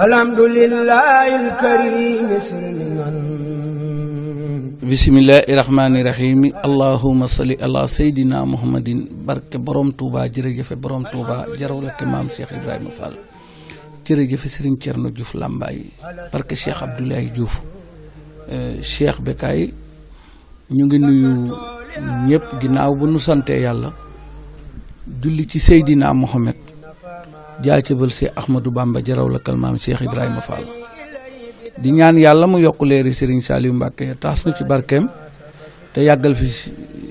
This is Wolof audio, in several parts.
alhamdulillahi alkarim bismillaahi rahmaani rahiim allahumma salli ala seydina muhammadin barke borom Touba jërëjëfe borom Touba jaraw la ke maam Cheikh Ibrahima jërëjëfe Serigne Thierno Diouf Lambaye barke Cheikh Abdoulaye Diouf eh, Cheikh Bekay ñu ngi nuyu ñëpp ginnaaw bu nu yàlla julli ci seydina Mohamed jaajëfal si Ahmadou Bamba jaraw la kalmaam Cheikh Ibrahima Fall di ñaan yàlla mu yokk leeri Serigne Saliou Mbacke taas nu ci barkeem te yàggal fi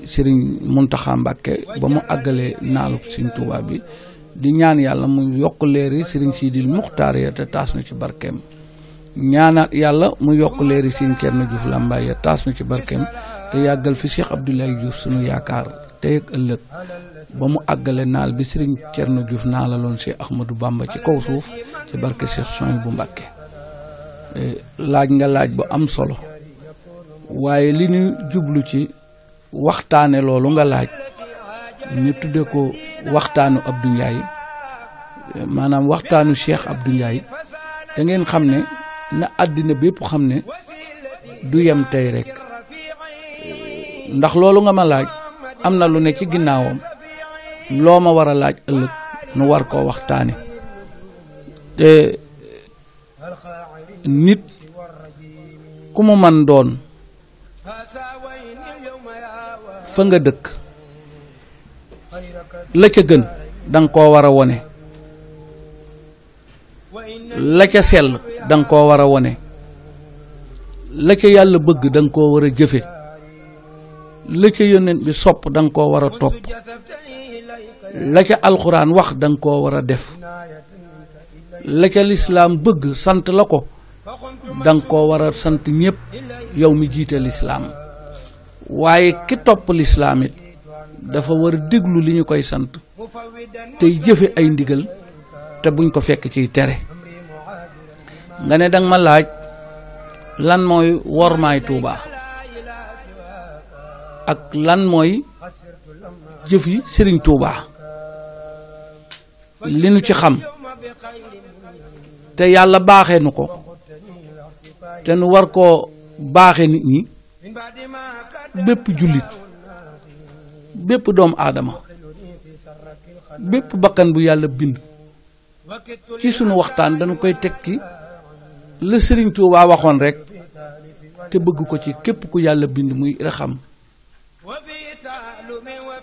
Serigne Mountakha ba mu àggalee naalu Serigne ñaan yàlla mu yokk leeri Serigne Sidil Muxtaar ya te taas nu ci barkeem ñaanaat yàlla mu yokk leeri Serigne Thierno Diouf Lambaye ya taas nu ci barkeem te yàggal fi Cheikh Abdoulaye Diouf sunu yaakaar. tey ak ëllëg ba mu àggale naal bi sëriñ Thierno Diouf naalaloon Cheikh Ahmadou Bamba ci kaw suuf ci barke Cheikh Souhaïbou bu Mbàkke eh, laaj nga laaj bu am solo waaye li ñu jublu ci waxtaane loolu nga laaj ñu tuddee ko waxtaanu ab Ndiaye eh, maanaam waxtaanu Cheikh ab Ndiaye te ngeen xam ne na àddina bépp xam ne du yem tey rek eh, ndax loolu nga ma laaj am na lu ne ci ginnaawam loo ma war a laaj ëllëg nu war koo waxtaane te nit ku mu man doon fa nga dëkk la ca gën danga koo war a wone la ca sell danga koo war a wone la ca yàlla bëgg danga koo war a jëfe la ca yónnent bi sopp danga nga koo war a topp la ca alxuraan wax danga nga koo war a def la ca lislaam bëgg sant la ko danga ko koo war a sant ñépp yow mi jiite lislaam waaye ki topp lislaam it dafa war a déglu li ñu koy sant tey jëfe ay ndigal te buñ ko fekk ciy tere nga ne danga ma laaj lan mooy wormaay Tuubaa ak lan mooy jëf yi sëriñ Touba li nu ci xam te yàlla baaxe nu ko te nu war koo baaxe nit ñi bépp jullit bépp doomu aadama bépp bakkan bu yàlla bind ci sunu waxtaan dañu koy tekki la sëriñ Touba waxoon rekk te bëgg ko ci képp ku yàlla bind muy irxam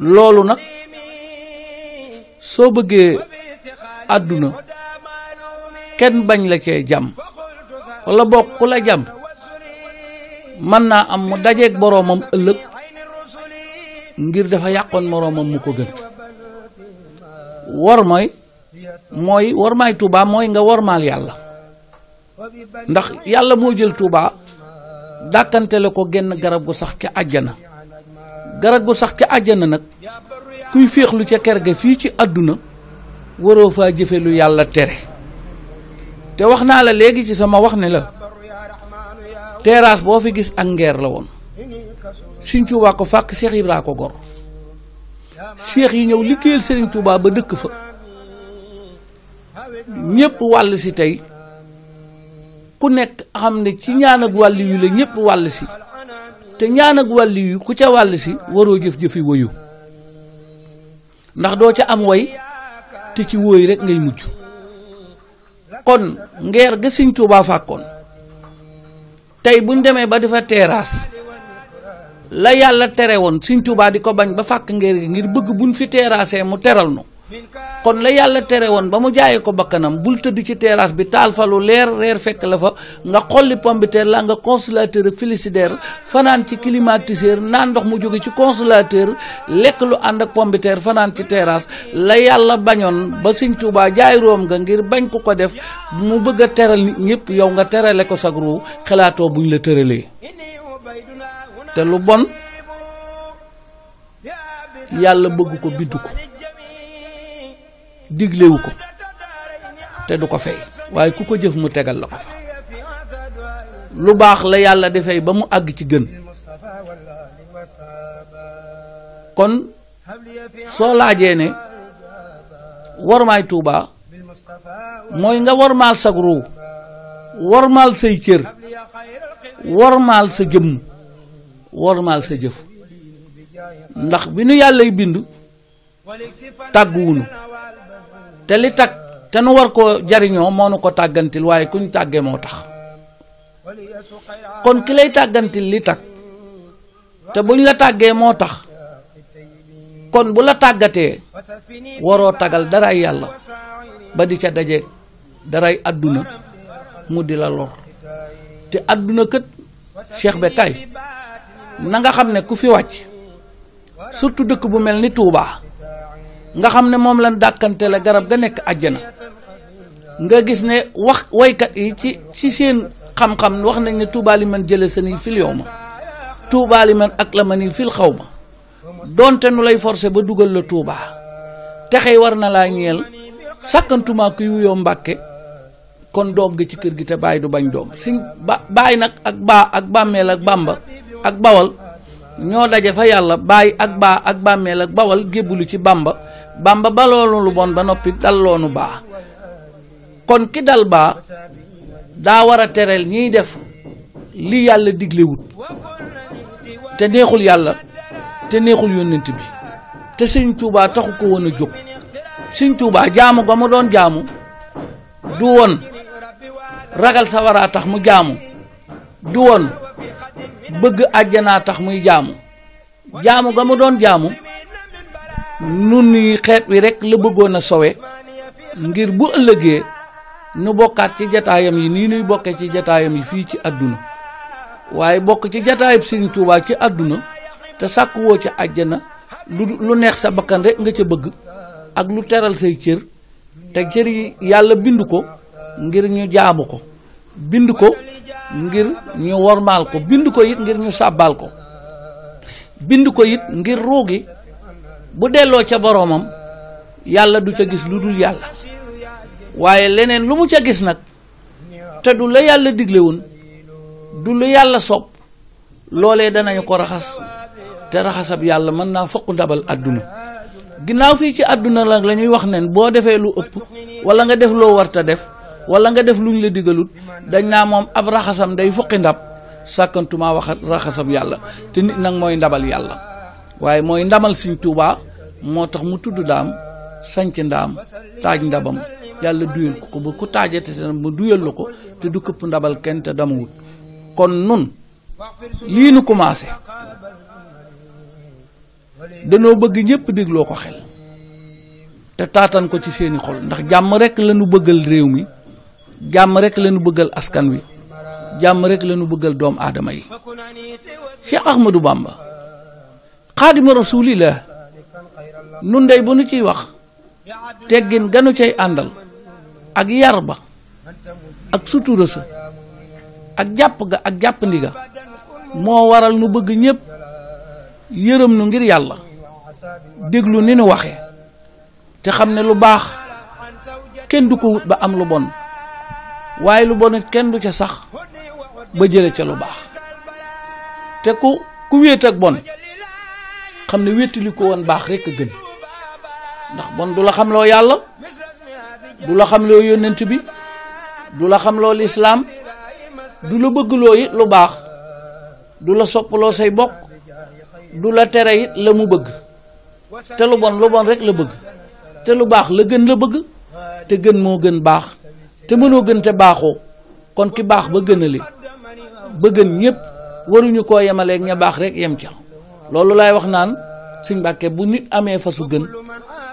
loolu nag soo bëggee àdduna kenn bañ la cee jàmm la bokk la jàmm mën naa am mu dajeeg boroomam ëllëg ngir dafa yàqoon moroomam mu ko gën war mooy mooy war maay Tuubaa mooy nga warmaal yàlla ndax yàlla moo jël Tuubaa dàkkante la ko genn garab gu sax ca àjjana garab bu sax ca àjjana nag kuy féexlu ca ker ga fii ci àdduna waroo faa jëfe lu yàlla tere te wax naa la léegi ci sama wax ne la terrasse boo fi gis ak ngeer la woon Sëriñ Tuubaa ko fàkk Seex Ibra ko gor seex yi ñëw liggéeyal Sëriñ Tuubaa ba dëkk fa ñépp wàll si tey ku nekk xam ne ci ñaan ak wàll yu la ñépp wàll si te ñaan ak wàlli yu ku ca wàll si waroo jëf-jëfi woyu ndax doo ca am way te ci wóoy rek ngay mujj kon ngeer ga Sëñ Tuubaa fàkkoon tey buñ demee ba dafa fa la yàlla tere woon Sëñ Tuubaa di ko bañ ba fàkk ngeer gi ngir bëgg buñ fi teeraasee mu teral nu kon la yàlla tere woon ba mu jaayee ko bakkanam bul tëdd ci terrasse bi taal fa lu leer reer fekk la fa nga xolli pombiteer la nga congélateur frigidaire fanaan ci climatiseur naan ndox mu jóge ci congélateur lekk lu ànd ak pombiteer fanaan ci terrasse la yàlla bañoon ba Sëñ Tuubaa jaay room nga ngir bañ ko ko def mu bëgg a teral ñépp yow nga terale ko sag ruu xalaatoo buñ la tëralee te lu bon yàlla bëgg ko bidd ko diglewu ko te du ko fay waaye ku ko jëf mu tegal la ko fa lu baax la yàlla defee ba mu àgg ci gën kon soo laajee ne warmaay Tuuba mooy nga warmaal sa ruu warmaal say cër warmaal sa jëf ndax bi nu yàllay bind tàgguwunu te li tag te nu war koo jariñoo moo nu ko tàggantil waaye kuñ tàggee moo tax kon ki lay tàggantil li tag te buñ la tàggee moo tax kon bu la tàggatee waroo tagal daray yàlla ba di ca daje daray àdduna mu di la lor te àdduna kët cheikh be kay na nga xam ne ku fi wàcc surtout dëkk bu mel ni Touba nga xam ne moom lañ dàkkante la garab ga nekk àjjana nga gis ne wax waykat yi ci ci seen xam-xam wax nañ ne tuubaali man jële sa nii fil yow ma tuubaali man ak la ma nii fil xaw ma donte nu lay forcé ba dugal la tuubaa texey war na laa ñeel sàkkantumaa kuy wuyoo mbàkke kon doom gi ci kër gi te bàyyi du bañ doom suñ ba bàyyi nag ak baa ak bàmmeel ak bàmba ak bawal ñoo daje fa yàlla bàyyi ak baa ak bàmmeel ak bawal gébbalu ci bàmba bàmba ba loolu bon ba noppi dal loonu baa kon ki dal baa daa war a tereel ñiy def li yàlla diglewut te neexul yàlla te neexul yónnent bi te sëñ Tuubaa taxu ko woon a jóg sëñ Tuubaa jaamu ba mu doon jaamu du woon ragal sa war a tax mu jaamu du woon bëgg àjjanaa tax muy jaamu jaamu ga mu doon jaamu nun yi xeet wi rek la bëggoon a sowe ngir bu ëllëgee nu bokkaat ci jataayam yi nii nuy bokkee ci jataayam yi fii ci àdduna waaye bokk ci jataayab Sëriñ Tuubaa ci àdduna te sàkkuwoo ci àjjana lu lu neex sa bakkan rek nga ca bëgg ak lu teral say cër te cër yi yàlla bind ko ngir ñu jaamu ko bind ko ngir ñu wormaal ko bind ko yit ngir ñu sàbbaal ko bind ko it ngir ruugi bu delloo ca boroomam yàlla du ca gis lu dul yàlla waaye leneen lu mu ca gis nag te du la yàlla digle woon du lu yàlla sopp loolee danañu ko raxas te raxasab yàlla mën naa fokk ndabal àdduna ginnaaw fii ci àdduna la lañuy wax nen boo defee lu ëpp wala nga def loo warta def wala nga def lu ñu la digalut dañ naa moom ab raxasam day fuqi ndab sàkkantumaa wax raxasam yàlla te nit nag mooy ndabal yàlla waaye mooy ndamal Sëñ Tuubaa moo tax mu tudd daam sanc ndaam taaj ndabam yàlla duyal ko ko ba ku taajate te mu duyal la ko te du këpp ndabal kenn te damawut kon nun lii nu commencé danoo bëgg ñëpp dégloo ko xel te taatan ko ci seeni xol ndax jàmm rekk lañu bëggal réew mi jàmm rekk leenu bëggal askan wi jàmm rek lañu bëggal doom aadama yi Cheikh Ahmadou Bamba xaadimu rasulillah nu dey bu nu ciy wax teggin ganu cay àndal ak yar ba ak sutura sa ak jàpp ga ak jàppandi ga moo waral nu bëgg ñépp yërëm nu ngir yàlla déglu ni nu waxe te xam ne lu baax kenn du ko wut ba am lu bon waaye lu bon it kenn du ca sax ba jële ca lu baax te ku ku wéet ak bon xam ne wéetali ko woon baax rekk a gën ndax bon du la xam loo yàlla du la xam loo yónnent bi du la xam loo lislaam du la bëgg loo it lu baax du la soppaloo say bokk du la tere it la mu bëgg te lu bon lu bon rekk la bëgg te lu baax la gën la bëgg te gën moo gën baax te mënoo gën te baaxoo kon ki baax ba gënale ba gën ñépp waruñu koo yemaleeg ña baax rek yem ca loolu laay wax naan si Mbàkke bu nit amee fasu gën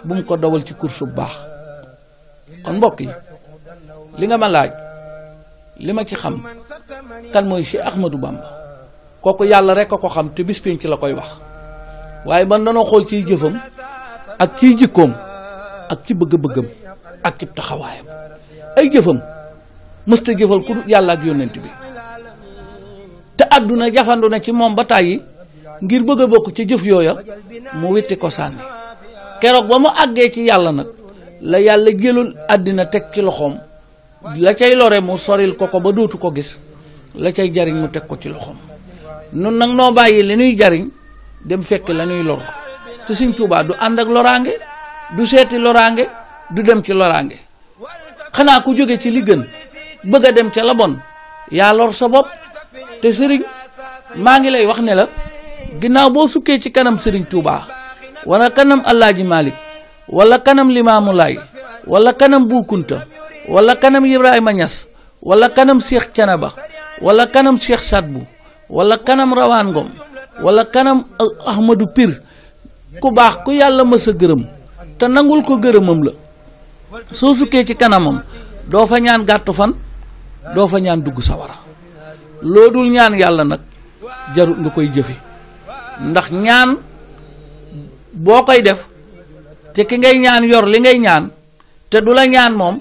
bu mu ko dawal ci kursu baax kon mbokk yi li nga ma laaj li ma ci xam kan mooy Cheikh Ahmadou Bamba kooku yàlla rek a ko xam te bis ci la koy wax waaye man danoo xool ciy jëfam ak ciy jikkoom ak ci bëgg-bëggam ak ci taxawaayam ay jëfam mësta jëfal ku yàlla yónnent bi te àdduna jafandu na ci moom ba tàyyi ngir bëgg a bokk ca jëf yooya mu witti ko sànni keroog ba mu àggee ci yàlla nag la yàlla jëlul àddina teg ci loxoom la cay lore mu soril ko ko ba dootu ko gis la cay jariñ mu teg ko ci loxoom nun nag noo bàyyi li nuy jariñ dem fekk la ñuy lor te Sëñ Tuubaa du ànd ak loraange du seeti loraange du dem ci loraange xanaa ku jóge ci li gën bëgg a dem ca la bon yaa lor sa bopp te sëriñ maa ngi lay wax ne la ginnaaw boo sukkee ci kanam sëriñ Touba wala kanam Alaaji Malik wala kanam Limaamu Laay wala kanam Buukunta walla kanam Ibrahima Ñas wala kanam Cheikh Canaba wala kanam Cheikh Sadbu wala kanam Rawaan Ngom wala kanam Ahmadou piir ku baax ku yàlla ma sa gërëm te nangul ko gërëmam la soo sukkee ci kanamam doo fa ñaan gàttu fan doo fa ñaan dugg sawara loo dul ñaan yàlla nag jarut nga koy jëfe ndax ñaan boo koy def te ki ngay ñaan yor li ngay ñaan te du la ñaan moom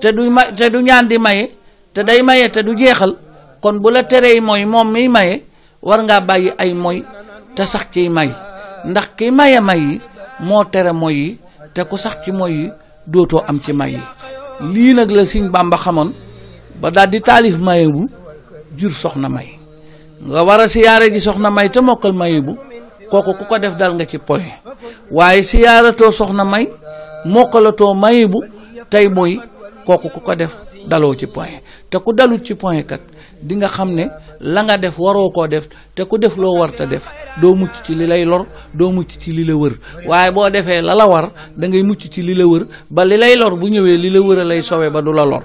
te du ma te du ñaan di maye te day maye te du jeexal kon bu la teree moy moom miy maye war ngaa bàyyi ay moy te sax ciy may ndax ki maye may yi moo tere mooy yi te ku sax ci mooy yi dootoo am ci may yi lii nag la Sëñ Bàmba xamoon ba daal di taalif maye bu jur soxna may nga war a siyaare ji soxna may te mokkal maye bu kooku ku ko def dal nga ci poye waaye siyaaratoo soxna may mokkalatoo maye bu tey mooy kooku ku ko def daloo ci point te ku dalul ci point kat dinga xam ne la nga def waroo koo def te ku def loo war te def doo mucc ci li lay lor doo mucc ci li la wër waaye boo defee la la war dangay mucc ci li la wër ba li lay lor bu ñëwee li la wër lay sowe ba du la lor